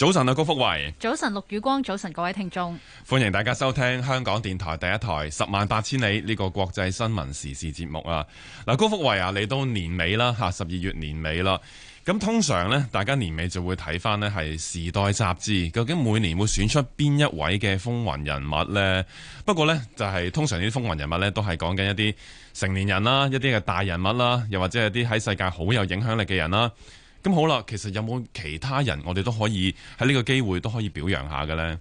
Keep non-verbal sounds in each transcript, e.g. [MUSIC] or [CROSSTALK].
早晨啊，高福維。早晨，陸宇光。早晨，各位聽眾，歡迎大家收聽香港電台第一台《十萬八千里》呢、這個國際新聞時事節目啊。嗱，高福維啊，嚟到年尾啦，吓十二月年尾啦。咁通常呢，大家年尾就會睇返呢係《時代》雜誌，究竟每年會選出邊一位嘅風雲人物呢？不過呢，就係、是、通常啲風雲人物呢，都係講緊一啲成年人啦，一啲嘅大人物啦，又或者係啲喺世界好有影響力嘅人啦。咁好啦，其實有冇其他人我哋都可以喺呢個機會都可以表揚下嘅呢？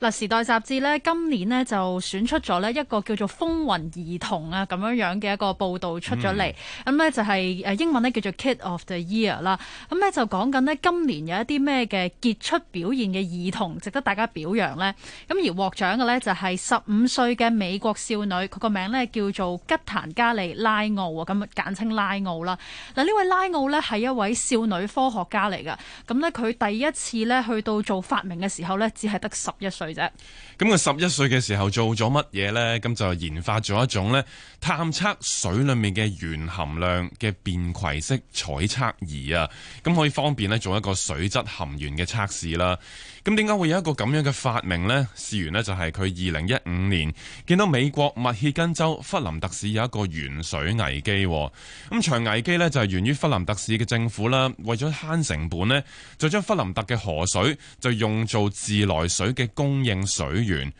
嗱，《時代》雜誌呢，今年呢就選出咗呢一個叫做《風雲兒童》啊咁樣樣嘅一個報導出咗嚟，咁呢、嗯嗯、就係、是、英文呢，叫做《Kid of the Year》啦，咁、嗯、呢就講緊呢，今年有一啲咩嘅傑出表現嘅兒童值得大家表揚呢？咁而獲獎嘅呢，就係十五歲嘅美國少女，佢個名呢叫做吉檀加利拉奧啊，咁簡稱拉奧啦。嗱，呢位拉奧呢，係一位少女。佢科學家嚟噶，咁呢，佢第一次呢去到做發明嘅時候呢，只係得十一歲啫。咁佢十一歲嘅時候做咗乜嘢呢？咁就研發咗一種呢，探測水裡面嘅鉛含量嘅便攜式採測儀啊，咁可以方便呢做一個水質含鉛嘅測試啦。咁點解會有一個咁樣嘅發明呢？事源呢，就係佢二零一五年見到美國密歇根州弗林特市有一個鉛水危機。咁場危機呢，就係源於弗林特市嘅政府啦。為咗慳成本呢，就將弗林特嘅河水就用做自來水嘅供應水源。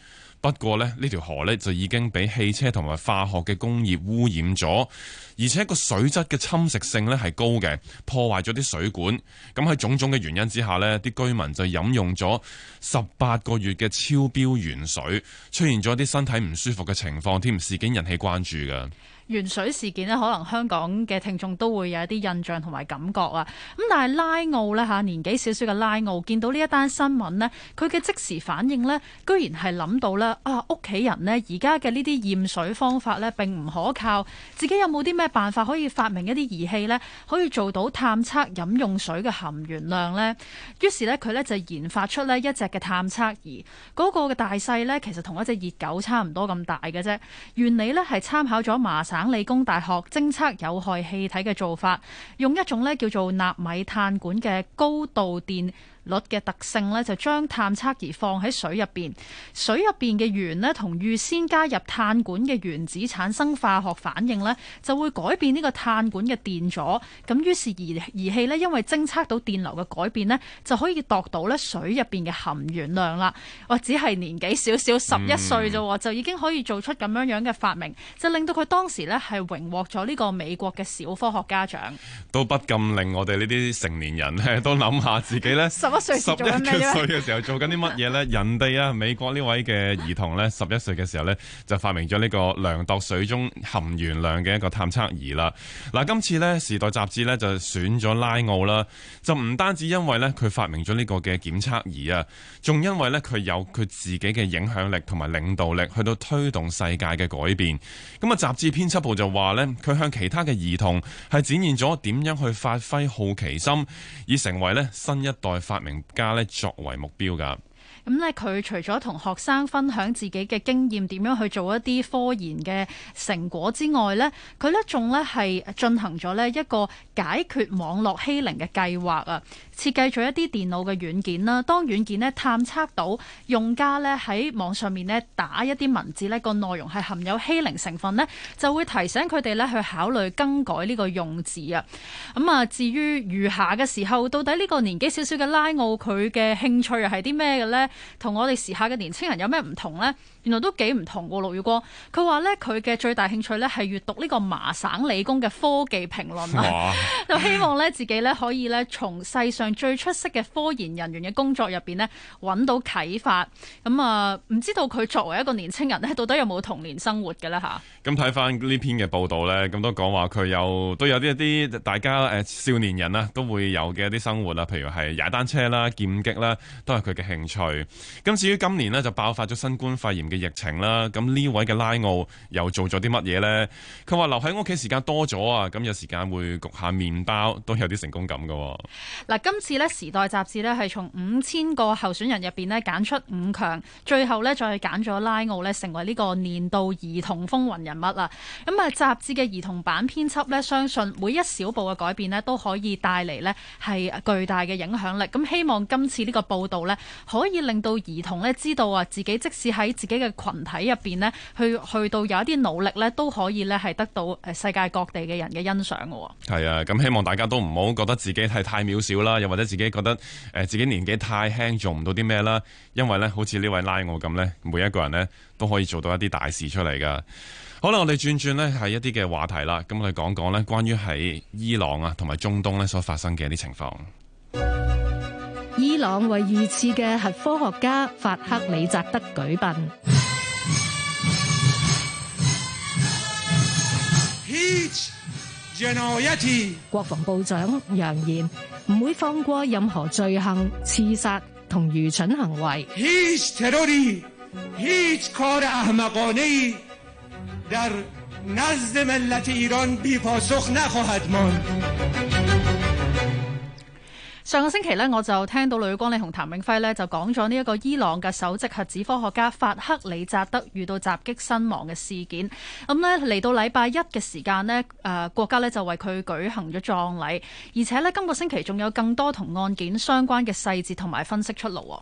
不過咧，呢條河呢，就已經俾汽車同埋化學嘅工業污染咗，而且個水質嘅侵蝕性呢係高嘅，破壞咗啲水管。咁喺種種嘅原因之下呢，啲居民就飲用咗十八個月嘅超標原水，出現咗啲身體唔舒服嘅情況，添，事件引起關注㗎。鉛水事件呢，可能香港嘅聽眾都會有一啲印象同埋感覺啊！咁但係拉奧咧吓，年紀少少嘅拉奧見到呢一單新聞呢，佢嘅即時反應呢，居然係諗到咧啊屋企人呢，而家嘅呢啲驗水方法呢，並唔可靠，自己有冇啲咩辦法可以發明一啲儀器呢，可以做到探測飲用水嘅含鉛量呢？於是呢，佢呢就研發出呢一隻嘅探測儀，嗰個嘅大細呢，其實同一隻熱狗差唔多咁大嘅啫。原理呢，係參考咗馬。港理工大學偵測有害氣體嘅做法，用一種咧叫做納米碳管嘅高度電。率嘅特性呢，就將探測儀放喺水入邊，水入邊嘅鉛呢，同預先加入碳管嘅原子產生化學反應呢，就會改變呢個碳管嘅電阻。咁於是儀儀器呢，因為偵測到電流嘅改變呢，就可以度到呢水入邊嘅含鉛量啦。哇！只係年紀少少，十一歲啫，嗯、就已經可以做出咁樣樣嘅發明，就令到佢當時呢係榮獲咗呢個美國嘅小科學家獎。都不禁令我哋呢啲成年人呢，都諗下自己呢。 [LAUGHS] 十一歲嘅時候做緊啲乜嘢呢？ [LAUGHS] 人哋啊，美國呢位嘅兒童呢，十一歲嘅時候呢，就發明咗呢個量度水中含鉛量嘅一個探測儀啦。嗱、啊，今次呢，《時代》雜誌呢就選咗拉奧啦，就唔單止因為呢，佢發明咗呢個嘅檢測儀啊，仲因為呢，佢有佢自己嘅影響力同埋領導力，去到推動世界嘅改變。咁啊，雜誌編輯部就話呢，佢向其他嘅兒童係展現咗點樣去發揮好奇心，以成為呢新一代發名家咧，作為目標㗎。咁咧，佢除咗同學生分享自己嘅經驗，點樣去做一啲科研嘅成果之外咧，佢咧仲咧係進行咗咧一個解決網絡欺凌嘅計劃啊！設計咗一啲電腦嘅軟件啦，當軟件咧探測到用家咧喺網上面咧打一啲文字咧個內容係含有欺凌成分咧，就會提醒佢哋咧去考慮更改呢個用字啊！咁啊，至於餘下嘅時候，到底呢個年紀少少嘅拉奧佢嘅興趣係啲咩嘅呢？同我哋時下嘅年青人有咩唔同呢？原來都幾唔同噶，陸宇光佢話咧，佢嘅最大興趣咧係閲讀呢個麻省理工嘅科技評論哇 [LAUGHS] 就希望咧自己咧可以咧從世上最出色嘅科研人員嘅工作入邊咧揾到啟發。咁、嗯、啊，唔知道佢作為一個年輕人咧，到底有冇童年生活嘅咧嚇？咁睇翻呢篇嘅報道咧，咁都講話佢有都有啲一啲大家誒、呃、少年人啦都會有嘅一啲生活啦，譬如係踩單車啦、劍擊啦，都係佢嘅興趣。咁至於今年呢，就爆發咗新冠肺炎。嘅疫情啦，咁呢位嘅拉奧又做咗啲乜嘢咧？佢話留喺屋企時間多咗啊，咁有時間會焗下麵包，都有啲成功感噶。嗱，今次咧《時代》雜誌咧係從五千個候選人入邊咧揀出五強，最後咧再揀咗拉奧咧成為呢個年度兒童風雲人物啦。咁啊，雜誌嘅兒童版編輯咧，相信每一小步嘅改變咧都可以帶嚟咧係巨大嘅影響力。咁希望今次呢個報道咧可以令到兒童咧知道啊自己即使喺自己。嘅群體入邊呢，去去到有一啲努力呢，都可以呢，係得到誒世界各地嘅人嘅欣賞嘅。係啊，咁希望大家都唔好覺得自己係太渺小啦，又或者自己覺得誒自己年紀太輕做唔到啲咩啦。因為呢，好似呢位拉奧咁呢，每一個人呢，都可以做到一啲大事出嚟噶。好啦，我哋轉轉呢，係一啲嘅話題啦，咁我哋講講呢關於喺伊朗啊同埋中東呢所發生嘅一啲情況。伊朗為遇刺嘅核科學家法克里扎德舉殯， [NOISE] 國防部長揚言唔 [NOISE] 會放過任何罪行、刺殺同愚蠢行為。 [NOISE] [NOISE] 上個星期呢，我就聽到李宇光咧同譚永輝呢，就講咗呢一個伊朗嘅首席核子科學家法克里扎德遇到襲擊身亡嘅事件。咁、嗯、呢，嚟到禮拜一嘅時間呢，誒、呃、國家呢就為佢舉行咗葬禮，而且呢，今個星期仲有更多同案件相關嘅細節同埋分析出爐。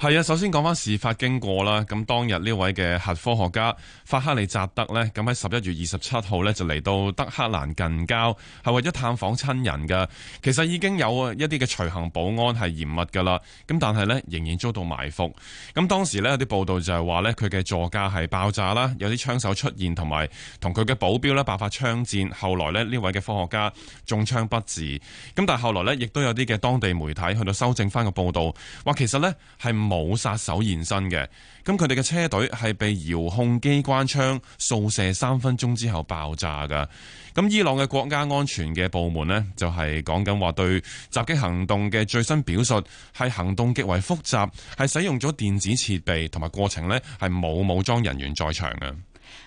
係啊，首先講翻事發經過啦。咁當日呢位嘅核科學家法克里扎德呢，咁喺十一月二十七號呢，就嚟到德黑蘭近郊，係為咗探訪親人㗎。其實已經有一啲嘅行保安係嚴密噶啦，咁但係呢仍然遭到埋伏。咁當時呢，有啲報道就係話呢，佢嘅座駕係爆炸啦，有啲槍手出現，同埋同佢嘅保鏢呢爆發槍戰。後來呢，呢位嘅科學家中槍不治。咁但係後來呢亦都有啲嘅當地媒體去到修正翻個報道，話其實呢係冇殺手現身嘅。咁佢哋嘅車隊係被遙控機關槍掃射三分鐘之後爆炸㗎。咁伊朗嘅國家安全嘅部門呢，就係講緊話對襲擊行動嘅最新表述係行動極為複雜，係使用咗電子設備，同埋過程呢係冇武裝人員在場嘅。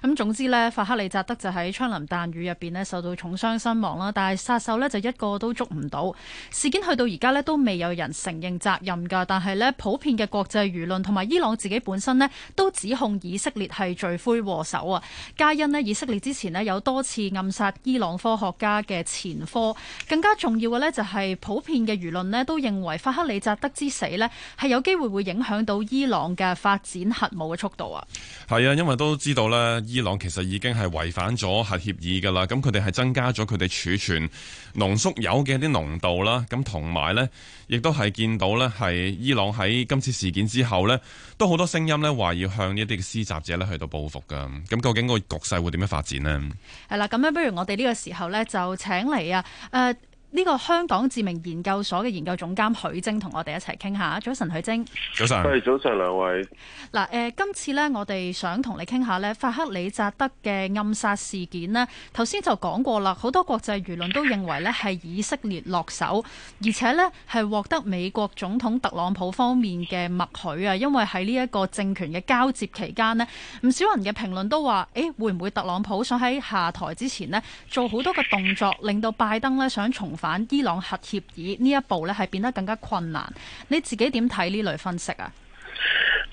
咁總之呢，法克里扎德就喺槍林彈雨入邊咧受到重傷身亡啦。但係殺手呢，就一個都捉唔到。事件去到而家呢，都未有人承認責任噶。但係呢，普遍嘅國際輿論同埋伊朗自己本身呢，都指控以色列係罪魁禍首啊。皆因呢，以色列之前呢，有多次暗殺伊朗科學家嘅前科。更加重要嘅呢，就係普遍嘅輿論呢，都認為法克里扎德之死呢，係有機會會影響到伊朗嘅發展核武嘅速度啊。係啊，因為都知道咧。伊朗其實已經係違反咗核協議噶啦，咁佢哋係增加咗佢哋儲存濃縮鈾嘅啲濃度啦，咁同埋呢，亦都係見到呢係伊朗喺今次事件之後呢，都好多聲音呢話要向呢一啲嘅施襲者呢去到報復噶，咁究竟個局勢會點樣發展呢？係啦，咁呢不如我哋呢個時候呢，就請嚟啊，誒。呢個香港智明研究所嘅研究總監許楨同我哋一齊傾下，早晨，許楨。早晨上，係早晨，兩位。嗱，誒，今次呢，我哋想同你傾下呢法克里扎德嘅暗殺事件呢，頭先就講過啦，好多國際輿論都認為呢係以色列落手，而且呢係獲得美國總統特朗普方面嘅默許啊，因為喺呢一個政權嘅交接期間呢，唔少人嘅評論都話，誒，會唔會特朗普想喺下台之前呢做好多嘅動作，令到拜登呢想重。反伊朗核協議呢一步咧，係變得更加困難。你自己點睇呢類分析啊？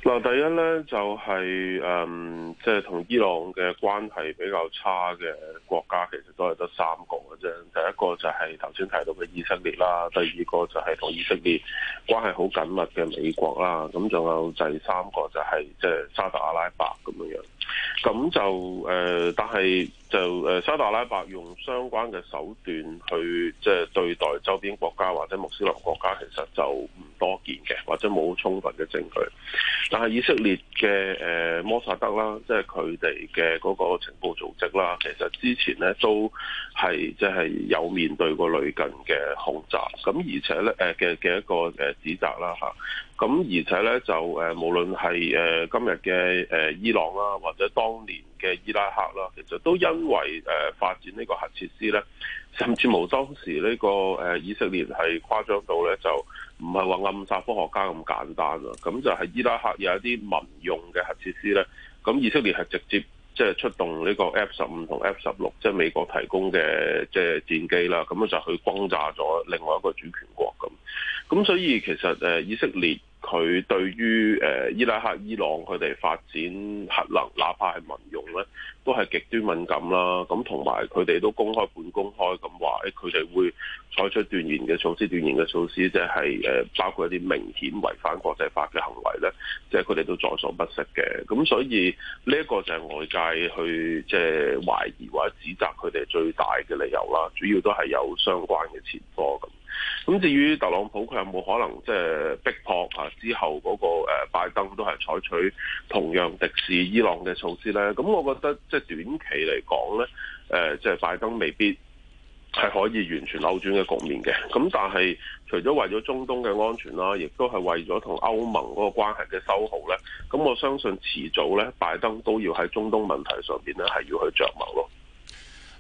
嗱，第一咧就係、係、誒，即係同伊朗嘅關係比較差嘅國家，其實都係得三個嘅啫。第一個就係頭先提到嘅以色列啦，第二個就係同以色列關係好緊密嘅美國啦，咁仲有第三個就係即係沙特阿拉伯咁樣。咁就誒、呃，但係就誒沙特阿拉伯用相關嘅手段去即係、就係、對待周邊國家或者穆斯林國家，其實就唔多見嘅，或者冇充分嘅證據。但係以色列嘅誒摩薩德啦，即係佢哋嘅嗰個情報組織啦，其實之前咧都係即係有面對過類近嘅控炸，咁而且咧誒嘅嘅一個誒指責啦嚇，咁而且咧就誒無論係誒今日嘅誒伊朗啦，或者當年嘅伊拉克啦，其實都因為誒發展呢個核設施咧，甚至冇當時呢個誒以色列係誇張到咧就。唔係話暗殺科學家咁簡單啊，咁就係伊拉克有一啲民用嘅核設施呢，咁以色列係直接即係出動呢個 F 十五同 F 十六，即係美國提供嘅即係戰機啦，咁就去轟炸咗另外一個主權國咁。咁所以其實誒以色列佢對於誒伊拉克、伊朗佢哋發展核能，哪怕係民用咧，都係極端敏感啦。咁同埋佢哋都公開、半公開咁話，誒佢哋會採取斷然嘅措施、斷然嘅措施，即係誒包括一啲明顯違反國際法嘅行為咧，即係佢哋都在所不惜嘅。咁所以呢一個就係外界去即係懷疑或者指責佢哋最大嘅理由啦，主要都係有相關嘅前科咁。咁至於特朗普佢有冇可能即係逼迫啊之後嗰個誒拜登都係採取同樣敵視伊朗嘅措施咧？咁我覺得即係短期嚟講咧，誒即係拜登未必係可以完全扭轉嘅局面嘅。咁但係除咗為咗中東嘅安全啦，亦都係為咗同歐盟嗰個關係嘅修好咧，咁我相信遲早咧拜登都要喺中東問題上邊咧係要去着墨咯。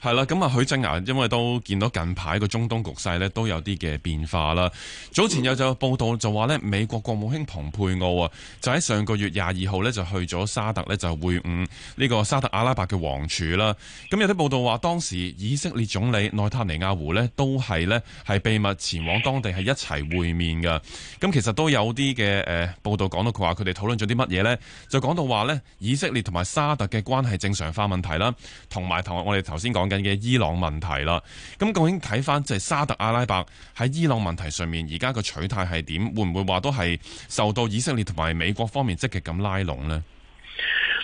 係啦，咁啊、嗯，許楨、啊，因為都見到近排個中東局勢咧，都有啲嘅變化啦。早前有就報道就話呢美國國務卿蓬佩奧啊，就喺上個月廿二號呢，就去咗沙特呢就會晤呢、呢個沙特阿拉伯嘅王儲啦。咁、嗯、有啲報道話，當時以色列總理內塔尼亞胡呢，都係呢係秘密前往當地係一齊會面嘅。咁、嗯、其實都有啲嘅誒報道講到佢話，佢哋討論咗啲乜嘢呢？就講到話呢，以色列同埋沙特嘅關係正常化問題啦，同埋同我哋頭先講。近嘅伊朗問題啦，咁究竟睇翻即係沙特阿拉伯喺伊朗問題上面而家個取態係點？會唔會話都係受到以色列同埋美國方面積極咁拉攏呢？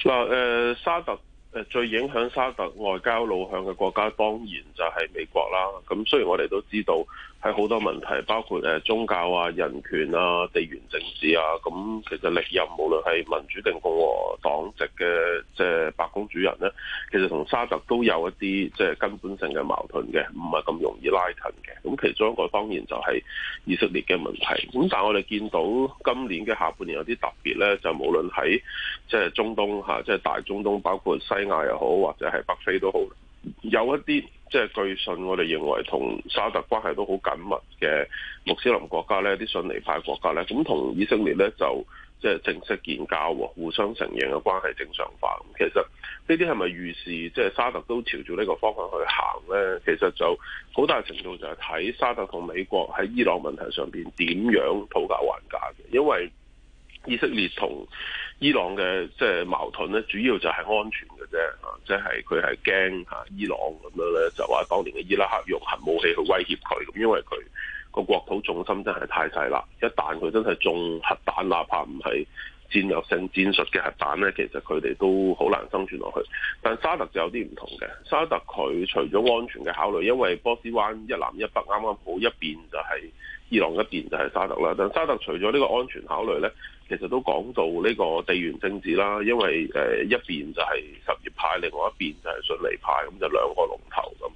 嗱，誒，沙特誒、呃，最影響沙特外交路向嘅國家當然就係美國啦。咁雖然我哋都知道。喺好多問題，包括誒宗教啊、人權啊、地緣政治啊，咁其實歷任無論係民主定共和黨籍嘅即係白宮主人咧，其實同沙特都有一啲即係根本性嘅矛盾嘅，唔係咁容易拉近嘅。咁其中一個當然就係以色列嘅問題。咁但係我哋見到今年嘅下半年有啲特別咧，就是、無論喺即係中東嚇，即、就、係、係、大中東，包括西亞又好，或者係北非都好。有一啲即係據信，我哋認為同沙特關係都好緊密嘅穆斯林國家，呢啲信尼派國家，呢咁同以色列呢，就即係正式建交，互相承認嘅關係正常化。其實呢啲係咪預示即係沙特都朝住呢個方向去行呢？其實就好大程度就係睇沙特同美國喺伊朗問題上邊點樣討價還價嘅，因為。以色列同伊朗嘅即係矛盾咧，主要就係安全嘅啫，啊，即係佢係驚嚇伊朗咁樣咧，就話當年嘅伊拉克用核武器去威脅佢，咁因為佢個國土重心真係太細啦，一旦佢真係中核彈，哪怕唔係。戰略性戰術嘅核彈呢，其實佢哋都好難生存落去。但沙特就有啲唔同嘅，沙特佢除咗安全嘅考慮，因為波斯灣一南一北，啱啱好一邊就係伊朗，一邊就係、是、沙特啦。但沙特除咗呢個安全考慮呢，其實都講到呢個地緣政治啦，因為誒一邊就係什葉派，另外一邊就係遜尼派，咁就是、兩個龍頭咁，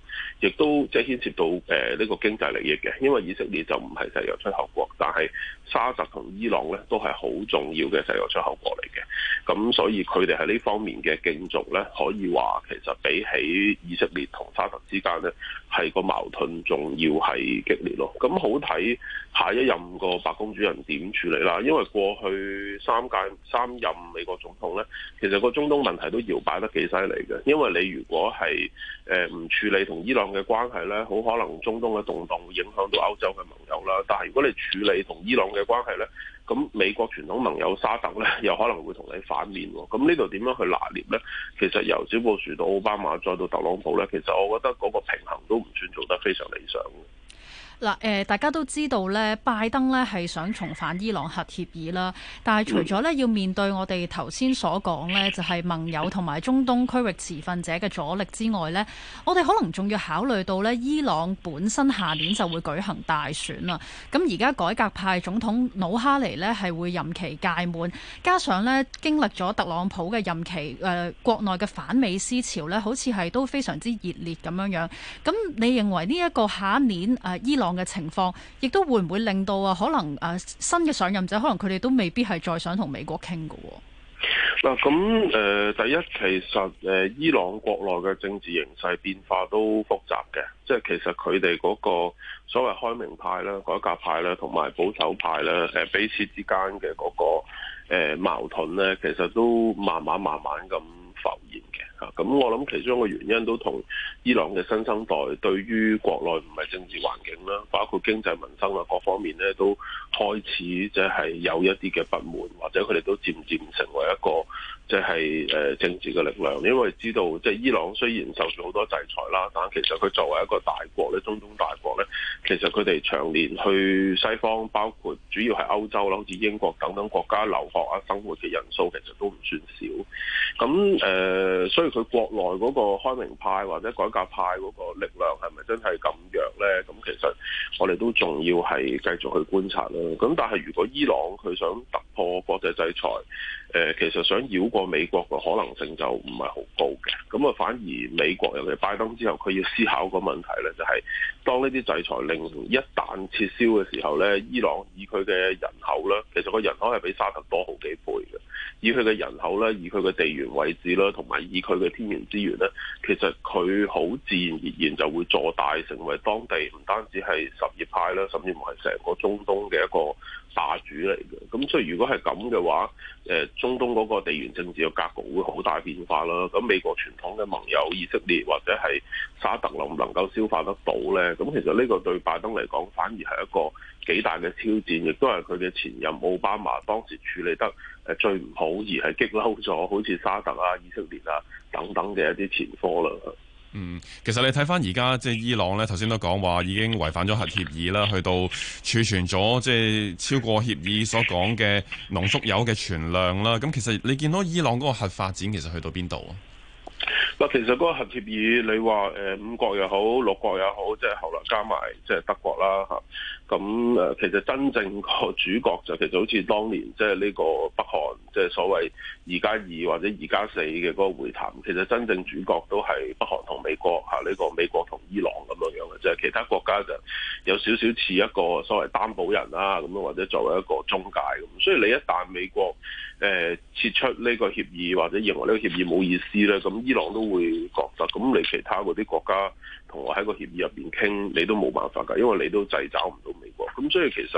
亦都即係牽涉到誒呢個經濟利益嘅，因為以色列就唔係石油出口國。但係，沙特同伊朗咧都係好重要嘅石油出口國嚟嘅。咁所以佢哋喺呢方面嘅競逐呢，可以話其實比起以色列同沙特之間呢，係個矛盾仲要係激烈咯。咁好睇下一任個白宮主任點處理啦。因為過去三屆三任美國總統呢，其實個中東問題都搖擺得幾犀利嘅。因為你如果係誒唔處理同伊朗嘅關係呢，好可能中東嘅動盪會影響到歐洲嘅盟友啦。但係如果你處理同伊朗嘅關係呢。咁美國傳統盟友沙特咧，又可能會同你反面喎、哦。咁呢度點樣去拿捏咧？其實由小布什到奧巴馬再到特朗普咧，其實我覺得嗰個平衡都唔算做得非常理想。嗱，誒，大家都知道咧，拜登咧係想重返伊朗核協議啦，但係除咗咧要面對我哋頭先所講咧，就係盟友同埋中東區域持份者嘅阻力之外咧，我哋可能仲要考慮到咧，伊朗本身下年就會舉行大選啦。咁而家改革派總統努哈尼咧係會任期屆滿，加上咧經歷咗特朗普嘅任期，誒、呃、國內嘅反美思潮咧，好似係都非常之熱烈咁樣樣，咁你認為呢一個下一年誒、呃、伊朗？嘅情況亦都會唔會令到啊？可能啊，新嘅上任者，可能佢哋都未必係再想同美國傾嘅。嗱，咁誒第一其實誒、呃、伊朗國內嘅政治形勢變化都複雜嘅，即係其實佢哋嗰個所謂開明派啦、改革派啦同埋保守派啦誒、呃、彼此之間嘅嗰個誒、呃、矛盾咧，其實都慢慢慢慢咁。浮現嘅，啊，咁我諗其中一個原因都同伊朗嘅新生代對於國內唔係政治環境啦，包括經濟民生啊各方面咧，都開始即係有一啲嘅不滿，或者佢哋都漸漸成為一個。即係誒政治嘅力量，因為知道即係、就是、伊朗雖然受咗好多制裁啦，但其實佢作為一個大國咧，中東大國咧，其實佢哋長年去西方，包括主要係歐洲啦，好似英國等等國家留學啊、生活嘅人數其實都唔算少。咁誒、呃、所以佢國內嗰個開明派或者改革派嗰個力量係咪真係咁弱咧？咁其實我哋都仲要係繼續去觀察啦。咁但係如果伊朗佢想突破國際制裁，誒、呃、其實想繞過。美國嘅可能性就唔係好高嘅，咁啊，反而美國尤其拜登之後，佢要思考個問題咧、就係，就係當呢啲制裁令一旦撤銷嘅時候咧，伊朗以佢嘅人口咧，其實個人口係比沙特多好幾倍嘅。以佢嘅人口咧，以佢嘅地緣位置啦，同埋以佢嘅天然資源咧，其實佢好自然而然就會做大，成為當地唔單止係什葉派啦，甚至乎係成個中東嘅一個霸主嚟嘅。咁所以如果係咁嘅話，誒，中東嗰個地緣政治嘅格局會好大變化啦。咁美國傳統嘅盟友以色列或者係沙特能唔能夠消化得到咧？咁其實呢個對拜登嚟講反而係一個。幾大嘅挑戰，亦都係佢嘅前任奧巴馬當時處理得誒最唔好，而係激嬲咗好似沙特啊、以色列啊等等嘅一啲前科啦。嗯，其實你睇翻而家即係伊朗呢，頭先都講話已經違反咗核協議啦，去到儲存咗即係超過協議所講嘅濃縮鈾嘅存量啦。咁其實你見到伊朗嗰個核發展，其實去到邊度啊？其實嗰個核協議，你話誒五國又好，六國又好，即係後來加埋即係德國啦吓。咁誒、嗯，其實真正個主角就其實好似當年即係呢個北韓，即、就、係、是、所謂二加二或者二加四嘅嗰個會談。其實真正主角都係北韓同美國嚇，呢、啊這個美國同伊朗咁樣樣嘅，即、就、係、是、其他國家就有少少似一個所謂擔保人啦，咁、啊、樣或者作為一個中介咁、啊。所以你一旦美國誒、呃、撤出呢個協議，或者認為呢個協議冇意思咧，咁伊朗都會覺得，咁你其他嗰啲國家。同我喺個協議入邊傾，你都冇辦法㗎，因為你都制找唔到美國。咁所以其實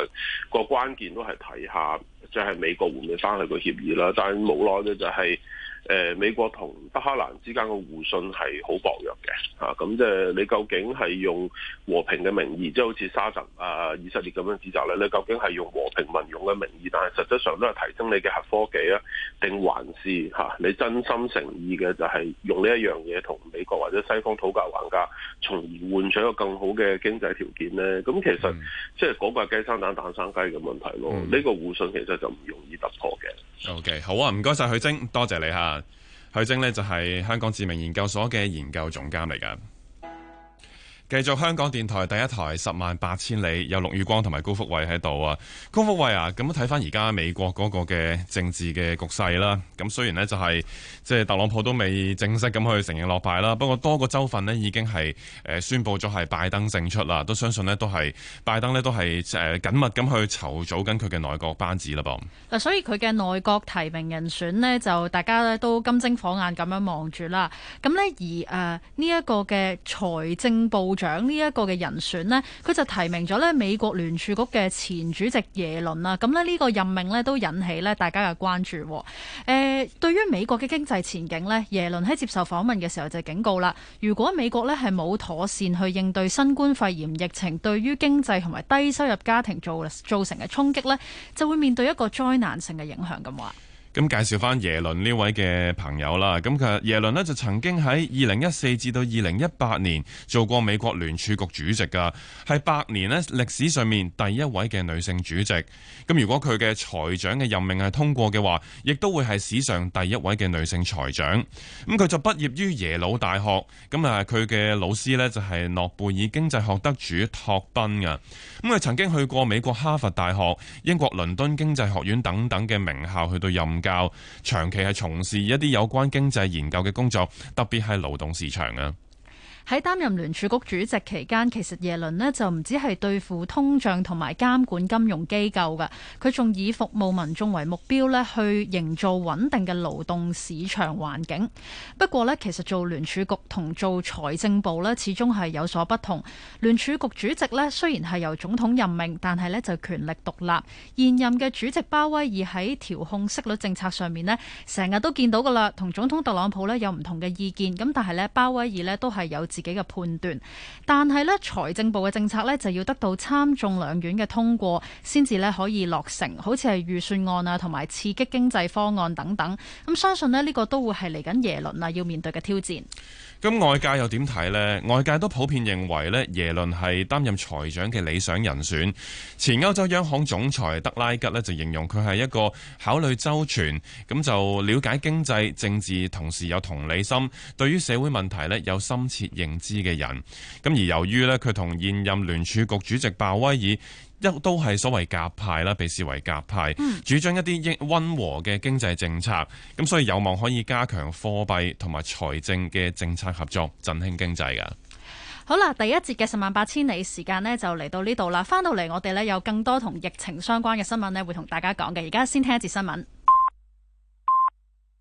個關鍵都係睇下，即係美國換唔換翻佢個協議啦。但係無奈嘅就係。誒、呃、美國同德黑蘭之間嘅互信係好薄弱嘅，啊咁即係你究竟係用和平嘅名義，即係好似沙特啊以色列咁樣指責咧，你究竟係用和平民用嘅名義，但係實質上都係提升你嘅核科技啊？定還是嚇、啊、你真心誠意嘅就係用呢一樣嘢同美國或者西方討價還價，從而換取一個更好嘅經濟條件咧？咁其實即係嗰個雞生蛋蛋生雞嘅問題咯。呢、嗯、個互信其實就唔容易突破嘅。O.K. 好啊，唔該晒許楨，多謝你吓、啊。許楨呢，就係、是、香港智明研究所嘅研究總監嚟㗎。繼續香港電台第一台十萬八千里，有陸宇光同埋高福偉喺度啊！高福偉啊，咁睇翻而家美國嗰個嘅政治嘅局勢啦。咁、嗯、雖然呢、就是，就係即係特朗普都未正式咁去承認落敗啦，不過多個州份呢，已經係誒、呃、宣布咗係拜登勝出啦。都相信呢，都係拜登呢，都係誒、呃、緊密咁去籌組緊佢嘅內閣班子啦噃。所以佢嘅內閣提名人選呢，就大家咧都金睛火眼咁樣望住啦。咁呢，而誒呢一個嘅財政部長。長呢一個嘅人選呢，佢就提名咗咧美國聯儲局嘅前主席耶倫啦。咁咧呢個任命呢，都引起咧大家嘅關注。誒、呃，對於美國嘅經濟前景呢，耶倫喺接受訪問嘅時候就警告啦：如果美國呢係冇妥善去應對新冠肺炎疫情對於經濟同埋低收入家庭造造成嘅衝擊呢，就會面對一個災難性嘅影響咁話。咁介紹翻耶倫呢位嘅朋友啦。咁佢耶倫呢，就曾經喺二零一四至到二零一八年做過美國聯儲局主席噶，係百年呢歷史上面第一位嘅女性主席。咁如果佢嘅財長嘅任命係通過嘅話，亦都會係史上第一位嘅女性財長。咁佢就畢業於耶魯大學，咁啊佢嘅老師呢，就係諾貝爾經濟學得主托賓噶。咁佢曾經去過美國哈佛大學、英國倫敦經濟學院等等嘅名校去到任。較長期係從事一啲有關經濟研究嘅工作，特別係勞動市場啊。喺擔任聯儲局主席期間，其實耶倫呢就唔止係對付通脹同埋監管金融機構嘅，佢仲以服務民眾為目標呢，去營造穩定嘅勞動市場環境。不過呢，其實做聯儲局同做財政部呢，始終係有所不同。聯儲局主席呢，雖然係由總統任命，但係呢就權力獨立。現任嘅主席鮑威爾喺調控息率政策上面呢，成日都見到㗎喇，同總統特朗普呢，有唔同嘅意見。咁但係呢，鮑威爾呢都係有自己嘅判斷，但係咧財政部嘅政策咧就要得到參眾兩院嘅通過先至咧可以落成。好似係預算案啊，同埋刺激經濟方案等等。咁，嗯，相信呢呢，呢個都會係嚟緊耶倫啊要面對嘅挑戰。咁外界又點睇呢？外界都普遍認為呢，耶倫係擔任財長嘅理想人選。前歐洲央行總裁德拉吉呢就形容佢係一個考慮周全，咁就了解經濟、政治，同時有同理心，對於社會問題呢有深切認知嘅人。咁而由於呢，佢同現任聯儲局主席鮑威爾都係所謂夾派啦，被視為夾派，主張一啲溫和嘅經濟政策，咁所以有望可以加強貨幣同埋財政嘅政策合作，振興經濟嘅。好啦，第一節嘅十萬八千里時間呢就嚟到呢度啦。翻到嚟，我哋呢有更多同疫情相關嘅新聞呢，會同大家講嘅。而家先聽一節新聞。